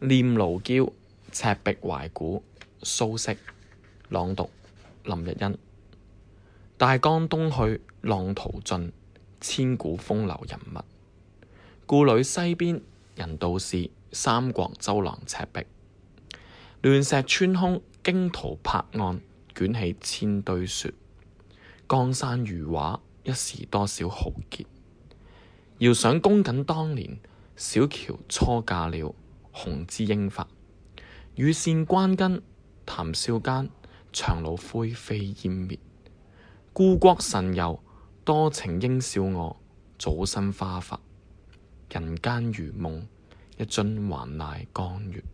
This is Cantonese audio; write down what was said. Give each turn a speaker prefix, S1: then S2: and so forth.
S1: 念奴嬌·赤壁懷古，蘇軾朗讀林日欣。大江東去，浪淘盡，千古風流人物。故壘西邊，人道是三國周郎赤壁。亂石穿空，驚濤拍岸，捲起千堆雪。江山如畫，一時多少豪傑。遙想公瑾當年，小喬初嫁了。雄姿英發，羽扇綸巾，談笑間，檣櫓灰飛煙滅。故國神遊，多情應笑我，早生華髮。人間如夢，一樽還酹江月。